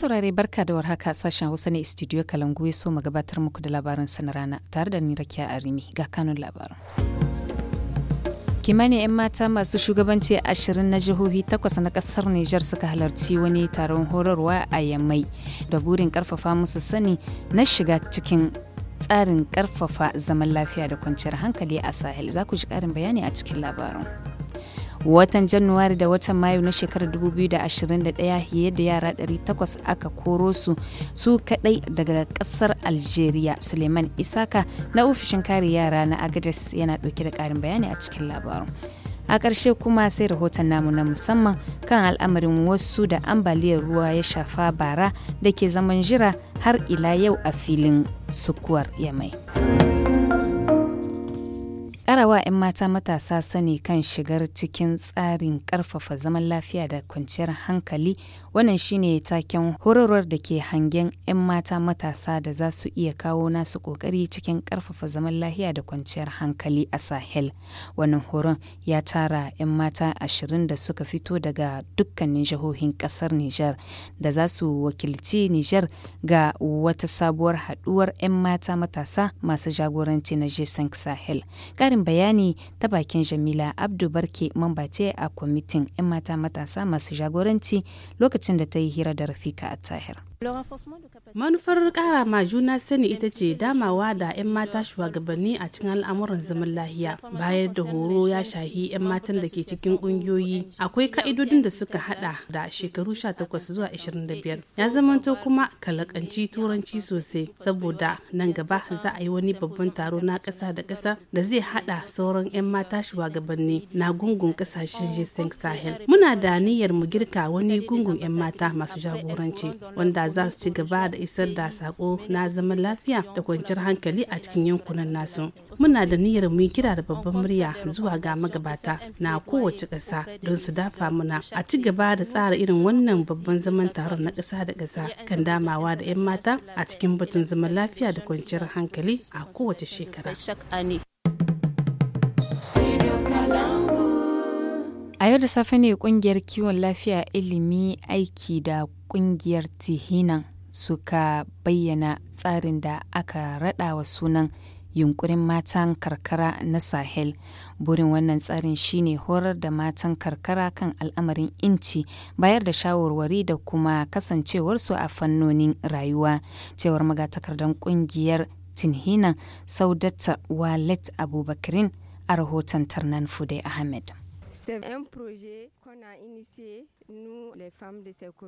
saurare barka da warhaka sashen Hausa ne studio Kalangu ya so ma gabatar muku da labarin sana rana tare da ni Rakiya Arimi ga kanun labarin. kimanin 'yan mata masu shugabanci ashirin na jihohi takwas na kasar Nijar suka halarci wani taron horarwa a yammai da burin karfafa musu sani na shiga cikin tsarin karfafa zaman lafiya da kwanciyar hankali a sahel za ku ji karin bayani a cikin labarin. watan januwari da watan mayu na shekarar 2021 yadda yara 800 aka koro su su kadai daga kasar algeria suleiman isaka na ofishin kare yara na agades yana dauke da karin bayani a cikin labarin a ƙarshe kuma sai rahoton namu na musamman kan al'amarin wasu da ambaliyar ruwa ya shafa bara da ke zaman jira har ila yau a filin sukuwar yamai. Ƙarawa 'yan mata matasa sani kan shigar cikin tsarin ƙarfafa zaman lafiya da kwanciyar hankali wannan shine taken horarwar da ke hangen 'yan mata matasa da za su iya kawo nasu ƙoƙari cikin karfafa zaman lafiya da kwanciyar hankali a Sahel. Wannan horon ya tara 'yan mata ashirin da suka fito daga dukkanin jihohin ƙasar Nijar da za su wakilci Nijar ga wata sabuwar haɗuwar 'yan mata matasa masu jagoranci na g Sahel. ƙarin Ƙarin bayani ta bakin Jamila Abdu Barke mambace a kwamitin 'yan mata matasa masu jagoranci lokacin da ta yi hira da Rafika a Tahir. manufar kara ma juna sani ita ce damawa da 'yan mata shugabanni a cikin al'amuran zaman lahiya bayar da horo ya shahi 'yan matan da ke cikin ƙungiyoyi akwai ka'idodin da suka hada da shekaru 18 zuwa 25 ya zamanto kuma kalakanci turanci sosai saboda nan gaba za a yi wani babban taro na kasa da kasa da zai hada sauran 'yan mata shugabanni na gungun kasashen g sahel muna da niyyar mu girka wani gungun 'yan mata masu jagoranci wanda za su ci gaba da isar da sako na zaman lafiya da kwanciyar hankali a cikin yankunan nasu muna da niyyar mu kira da babban murya zuwa ga magabata na kowace ƙasa don su dafa muna a ci gaba da tsara irin wannan babban zaman taron na ƙasa da ƙasa kan damawa da 'yan mata a cikin batun zaman lafiya da kwanciyar hankali a kowace shekara A yau da safe ne kungiyar kiwon lafiya ilimi aiki da kungiyar Tihinan suka bayyana tsarin da aka wa sunan yunkurin matan karkara na Sahel. Burin wannan tsarin shine horar da matan karkara kan al'amarin inci bayar da shawarwari da kuma kasancewarsu a fannonin rayuwa. Cewar magatakardan kungiyar Tinhinan saudatta Walet Abubakarin a rahoton Tarnan Fude Ahmed.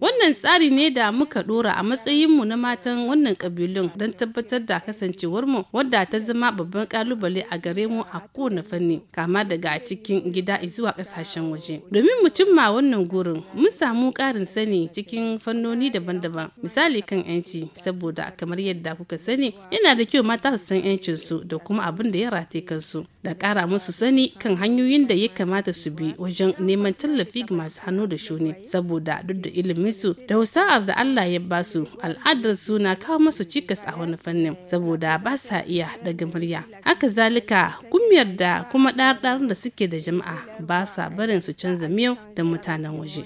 Wannan tsari ne da muka dora a matsayinmu na matan wannan kabilun don tabbatar da kasancewarmu wadda ta zama babban kalubale a gare mu a kowane fanni kama daga cikin gida zuwa kasashen waje. Domin mu cimma wannan gurin mun samu karin sani cikin fannoni daban-daban misali kan yanci saboda kamar yadda kuka sani yana da kyau mata su san yancinsu da kuma abin da ya rate kansu da kara musu sani kan hanyoyin da ya kamata su su bi wajen neman tallafi ga masu hannu da shuni saboda duk da ilimin su da wasa'ar da Allah ya ba su al'adar su na kawo masu cikas a wani fannin saboda ba sa iya daga murya haka zalika kumiyar da kuma ɗarɗarin da suke da jama'a ba sa barin su canza miyau da mutanen waje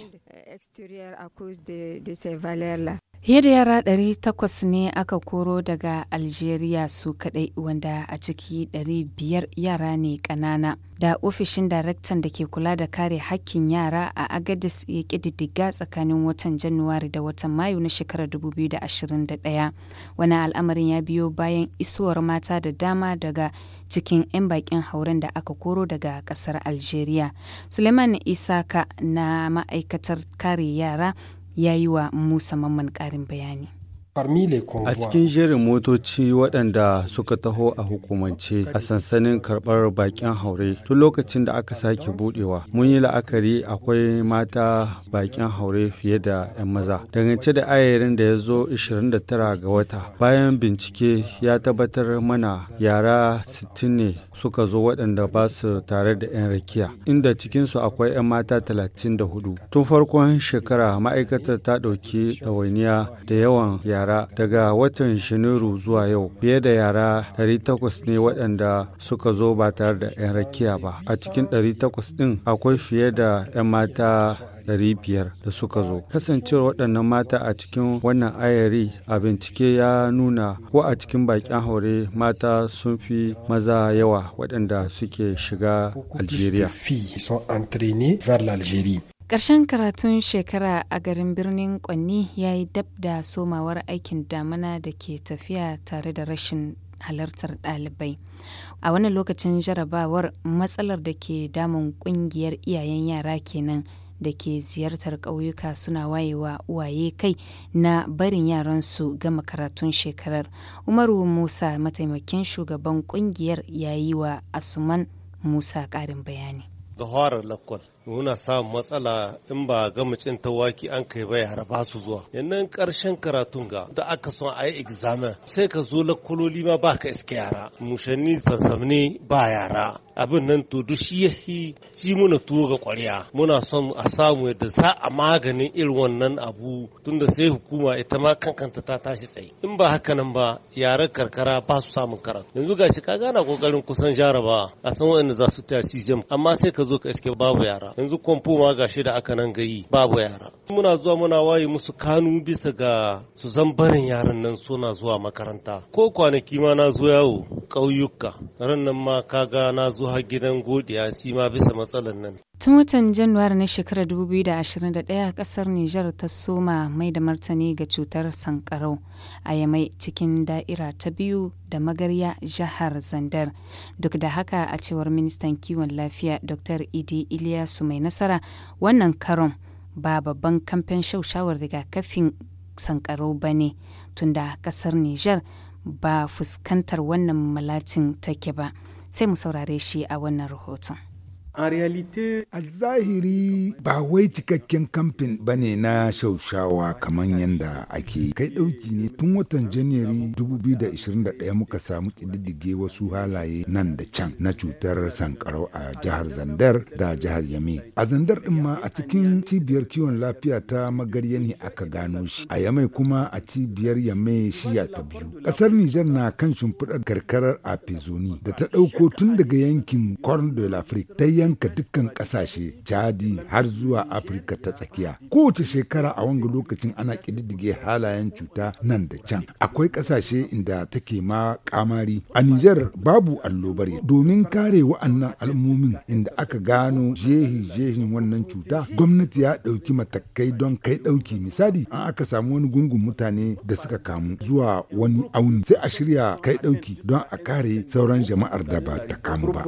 yadda da yara 800 ne aka koro daga Algeria su kaɗai wanda a ciki 500 yara ne ƙanana. Da ofishin daraktan da ke kula da kare hakkin yara a Agadis ya ƙididdiga tsakanin watan Januwari da watan Mayu na shekarar 2021. Wani al'amarin ya biyo bayan isuwar mata da dama daga cikin 'yan bakin hauren da aka koro daga ƙasar Algeria. Suleiman Isaka na ma'aikatar kare yara ya yi wa Musa Mamman ƙarin bayani. A cikin jerin motoci waɗanda suka taho a hukumance a sansanin karɓar baƙin haure tun lokacin da aka sake buɗewa, mun yi la'akari akwai mata baƙin haure fiye da 'yan maza. Dangance da ayarin da ya zo 29 ga wata bayan bincike ya tabbatar mana yara 60 ne suka zo waɗanda ba su tare da 'yan rakiya inda cikinsu akwai 'yan mata 34. Tun farkon shekara ma'aikatar ta ɗauki ɗawainiya da yawan yara yara daga watan Janairu zuwa yau fiye da yara 800 ne waɗanda suka zo ba tare da 'yan rakiya ba. A cikin 800 ɗin akwai fiye da 'yan mata 500 da suka zo. Kasancewar waɗannan mata a cikin wannan ayari a bincike ya nuna ko a cikin bakin haure mata sun fi maza yawa waɗanda suke shiga Algeria. Ƙarshen karatun shekara a garin birnin Kwanni ya yi dab da somawar aikin damuna da ke tafiya tare da rashin halartar ɗalibai. A wannan lokacin jarabawar matsalar da ke damun ƙungiyar iyayen yara kenan da ke ziyartar ƙauyuka suna wayewa uwaye kai na barin yaransu gama karatun shekarar. Umaru Musa mataimakin shugaban ƙungiyar yayi wa Asuman Musa ƙarin bayani. muna samun matsala in ba ga mucin tawaki an kai ba yara ba su zuwa yannan karshen karatun ga da aka son a yi examen sai ka zo lakuloli ma ba ka iske yara mushanni fasamne ba yara abin nan to duk shi yahi ci muna tuwo ga ƙwarya muna son a samu yadda za a maganin irin wannan abu tunda sai hukuma ita ma kankanta ta tashi tsaye in ba haka nan ba yaran karkara ba su samun karatu yanzu gashi ka gana kokarin kusan jaraba a san wanda za su tashi jam amma sai ka zo ka iske babu yara yanzu kwamfo ma gashi da aka nan gayi babu yara muna zuwa muna waye musu kanu bisa ga su zan barin yaran nan suna zuwa makaranta ko kwanaki ma na zo yawo ƙauyuka ran nan ma kaga na zo har gidan godiya shi ma bisa matsalar nan. Tun watan janairu na shekarar 2021 kasar Nijar ta soma mai da martani ga cutar sankarau a yamai cikin da'ira ta biyu da magarya jihar Zandar. Duk da haka a cewar ministan kiwon lafiya Dr. Idi Iliyasu mai nasara wannan karon ba babban kamfen shaushawar rigakafin sankarau ba ne tunda kasar Nijar ba fuskantar wannan malatin take ba. sai mu saurare shi a wannan rahoton. Reality... A zahiri ba wai cikakken kamfin ba ne na shaushawa kamar yadda ake kai ɗauki ne tun watan Janairu 2021 muka samu kididdige wasu halaye nan da can na cutar sankarau a jihar Zandar da jihar Yame. A Zandar din ma a cikin cibiyar kiwon lafiya ta magarya ne aka gano shi. A yamai kuma a cibiyar Yame shiya ta biyu. kasar Nijar na kan shimfiɗar karkarar a da ta ɗauko tun daga yankin Corne de l'Afrique ta yanka dukkan kasashe jadi har zuwa afirka ta tsakiya kowace shekara a wanga lokacin ana ƙididdige halayen cuta nan da can akwai kasashe inda take ma kamari a nijar babu allo allobar domin kare wa'annan al'ummomin inda aka gano jehi jehin wannan cuta gwamnati ya ɗauki matakai don kai ɗauki misali an aka samu wani gungun mutane da suka kamu zuwa wani auni sai a shirya kai ɗauki don a kare sauran jama'ar da ba ta kamu ba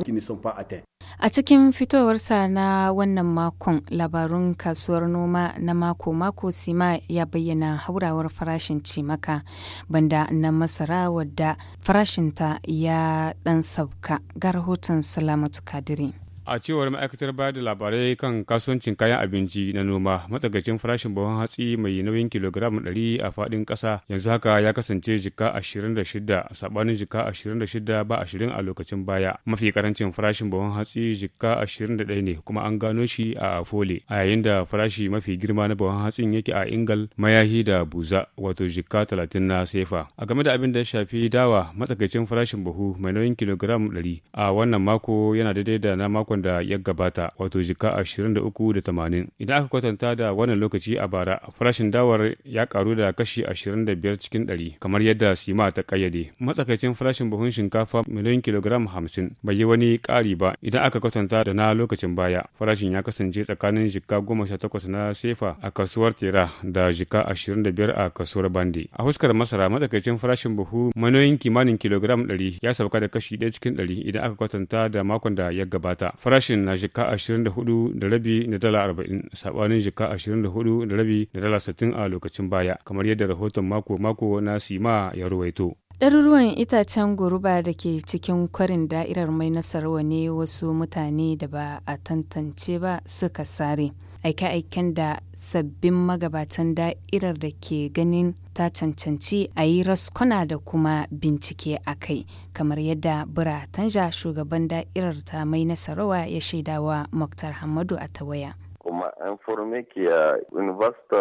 A cikin fitowarsa na wannan makon labarun kasuwar noma na mako-mako Sima ya bayyana haurawar farashin cimaka banda na masara wadda farashinta ya ɗan sauka ga rahoton Salamatu Kadiri. a cewar ma'aikatar bayar da labarai kan kasuwancin kayan abinci na noma matsagacin farashin buhun hatsi mai nauyin kilogram 100 a fadin kasa yanzu haka ya kasance jika 26 sabanin jika 26 ba 20 a lokacin baya mafi karancin farashin buhun hatsi jika 21 ne kuma an gano shi a afole a yayin da farashi mafi girma na buhun hatsin yake a ingal mayahi da buza wato jika 30 na sefa a game da abin da ya shafi dawa matsakaicin farashin buhu mai nauyin kilogram 100 a wannan mako yana daidai da na mako makon da ya gabata wato jika ashirin da uku da tamanin idan aka kwatanta da wannan lokaci a bara farashin dawar ya karu da kashi ashirin da biyar cikin ɗari kamar yadda sima ta kayyade matsakaicin farashin buhun shinkafa miliyan kilogram hamsin bai yi wani kari ba idan aka kwatanta da na lokacin baya farashin ya kasance tsakanin jika goma sha takwas na sefa a kasuwar tera da jika ashirin da biyar a kasuwar bande a fuskar masara matsakaicin farashin buhu manoyin kimanin kilogram ɗari ya sauka da kashi ɗaya cikin ɗari idan aka kwatanta da makon da ya gabata farashin na jika 24 da rabi da dala 40 sabanin jika 24 da rabi da dala 60 a lokacin baya kamar yadda rahoton mako-mako na sima ya ruwaito. ɗaruruwan itacen guruba da ke cikin kwarin da'irar mai nasarwa ne wasu mutane da ba a tantance ba suka sare. aike-aiken da sabbin magabatan da'irar da ke ganin ta cancanci a yi raskuna da kuma bincike a kai kamar yadda bura tanja shugaban da'irar ta mai nasarawa ya shaidawa muktar hamadu a tawaya on m'a informé qu'il y a une vaste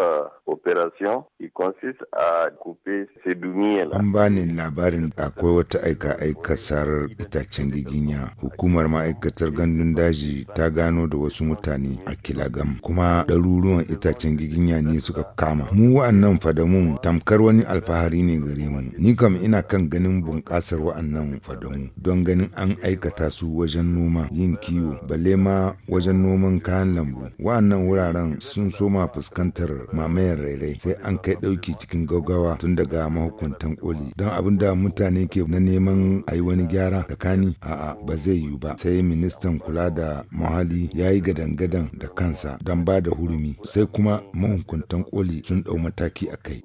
opération qui consiste à couper ces douniers là An bani labarin akwai wata aika-aika sarar itacen giginya. Hukumar ma'aikatar gandun daji e ta gano da wasu mutane a Kilagam kuma ɗaruruwan itacen giginya ne suka kama. Mu wa'annan fadamun tamkar wani alfahari ne gare mu. Ni kam ina kan ganin bunƙasar wa'annan fadamu don ganin an aikata su wajen noma, yin kiwo, balle ma wajen noman kayan lambu. wa'annan wuraren sun soma fuskantar mamayar rairai sai an kai ɗauki cikin gaugawa. tun daga mahukuntan koli don abin da mutane ke na neman a yi wani gyara tsakani a'a ba zai yiwu ba sai ministan kula da muhalli ya yi gadan-gadan da kansa don ba da hurumi sai kuma mahukuntan koli sun ɗau mataki a kai.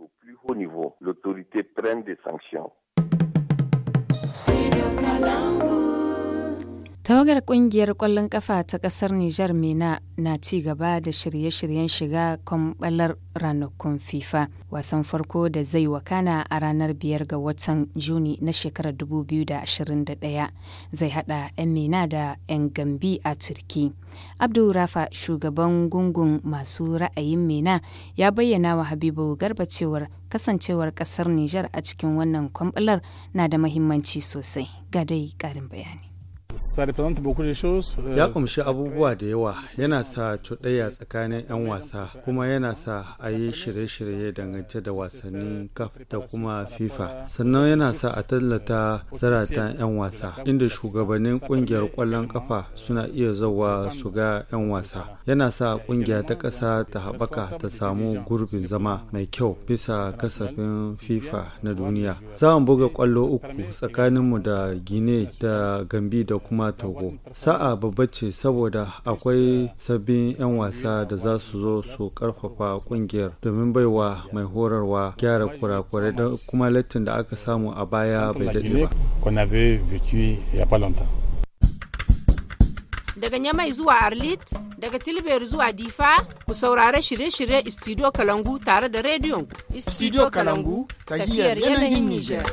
L'autorité de sanction. Tawagar kungiyar ƙwallon ƙafa ta ƙasar Nijar Mena na ci gaba da shirye-shiryen shiga kwamɓalar ranakun FIFA wasan farko da zai wakana a ranar biyar ga watan Juni na shekarar 2021 zai hada 'yan Mena da 'yan Gambi a Turki. Abdul Rafa shugaban gungun masu ra'ayin Mena ya bayyana wa Habibu Garba cewar kasancewar ƙasar Nijar a cikin wannan kwamɓalar na da mahimmanci sosai. Ga dai ƙarin bayani. Eh, ya kumshi abubuwa da yawa yana sa cuɗaya tsakanin 'yan wasa kuma yana sa a yi shirye-shirye dangance da wasannin kaf da kuma fifa sannan yana sa a tallata zaratan 'yan wasa inda shugabannin ƙungiyar kwallon kafa suna iya zawa su ga 'yan wasa yana sa ƙungiya ta ƙasa ta haɓaka ta samu gurbin zama mai kyau bisa kasafin fifa na duniya za mu buga kwallo uku tsakaninmu da gine da gambi da kuma togo sa'a babba ce saboda akwai sabbin 'yan wasa da za su zo su karfafa kungiyar domin baiwa mai horarwa gyara kurakurai da kuma lattin da aka samu a baya bai daɗe ba daga Nyamai zuwa Arlit, daga Tilber zuwa Difa, ku saurare shirye-shirye Studio Kalangu tare da rediyon Studio Kalangu, tafiyar yanayin Nijar.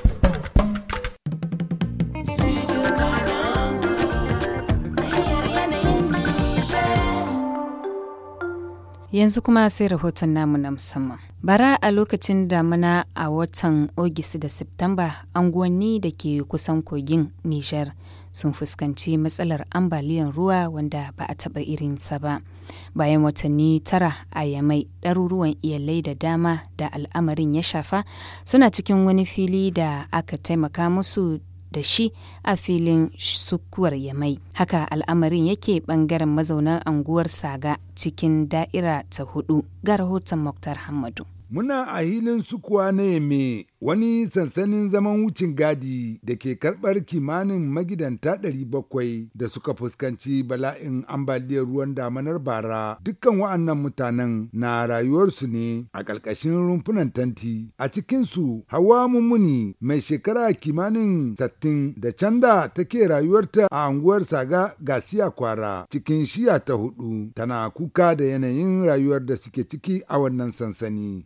Yanzu kuma sai rahoton namu na musamman. Bara a lokacin damuna a watan Ogis da Septamba, anguwanni da ke kusan kogin Nijar sun fuskanci matsalar ambaliyan ruwa wanda ba a taɓa irinsa ba. Bayan watanni tara a yamai ɗaruruwan iyalai da dama da al'amarin ya shafa suna cikin wani fili da aka taimaka musu da shi a filin sukuwar Yamai. Haka al'amarin yake bangaren mazaunan anguwar Saga cikin da'ira ta hudu ga rahoton Muktar Hamadu. Muna a hilin sukuwa na yame wani sansanin zaman wucin gadi da ke karbar kimanin magidanta 700 da suka fuskanci bala'in ambaliyar ruwan damanar bara dukkan wa'annan mutanen na rayuwarsu ne a ƙarƙashin rumfunan tanti a cikinsu hawa mummuni mai shekara kimanin sattin da canda take rayuwarta a anguwar saga gasiya kwara cikin shiya ta hudu tana kuka da yanayin rayuwar da suke ciki a wannan sansani.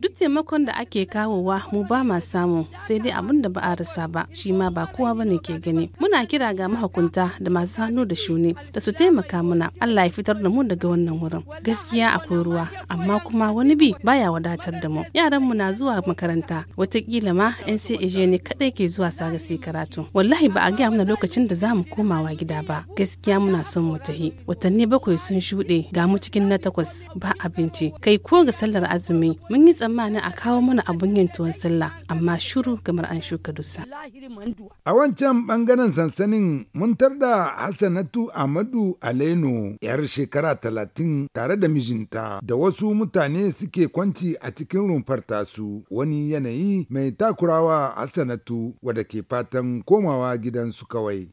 Duk taimakon da ake ka kawowa mu ba ma samu sai dai abin da ba a rasa ba shi ma ba kowa bane ke gani muna kira ga mahukunta da masu hannu da shuni da su taimaka muna Allah ya fitar da mu daga wannan wurin gaskiya akwai ruwa amma kuma wani bi baya wadatar da mu yaran mu na zuwa makaranta watakila ma yan sai ne kadai ke zuwa saga sai karatu wallahi ba a gaya mana lokacin da za zamu komawa gida ba gaskiya muna son mu tahi watanni bakwai sun shuɗe ga mu cikin na takwas ba abinci kai ko ga sallar azumi mun yi tsammanin a kawo mana abun don yin tuwon sallah amma shiru kamar an shuka dusa. A wancan bangaren sansanin mun da Hassanatu Ahmadu Aleno yar shekara talatin tare da mijinta da wasu mutane suke kwanci a cikin rumfar tasu wani yanayi mai takurawa Hassanatu wadda ke fatan komawa gidansu kawai.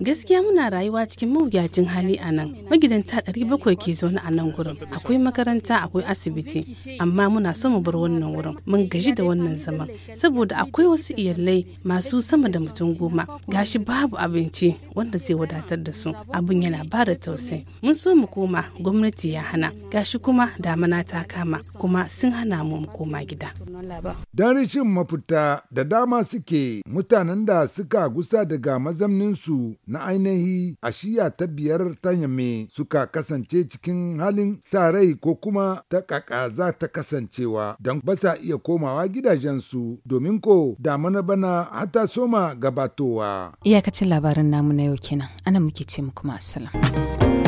Gaskiya muna rayuwa cikin mawuyacin hali a nan. Magidanta ɗari bakwai ke zaune a nan gurin. Akwai makaranta akwai asibiti amma muna so mu bar wannan wurin. Mun gaji da wannan zaman saboda akwai wasu iyalai masu sama da mutum goma gashi babu abinci wanda zai wadatar da su abin yana ba da tausayi mun so mu koma gwamnati ya hana gashi kuma damana ta kama kuma sun hana mu mu koma gida dan rishin mafita da dama suke mutanen da suka gusa daga mazamnin su na ainihi a shiya ta biyar ta yame suka kasance cikin halin sa rai ko kuma ta kaka za ta kasancewa don ba sa iya koma komawa gidajensu domin ko da damana bana hata soma gabatowa. Iyakacin labarin namu na yau kenan, ana muke ce muku kuma assalam.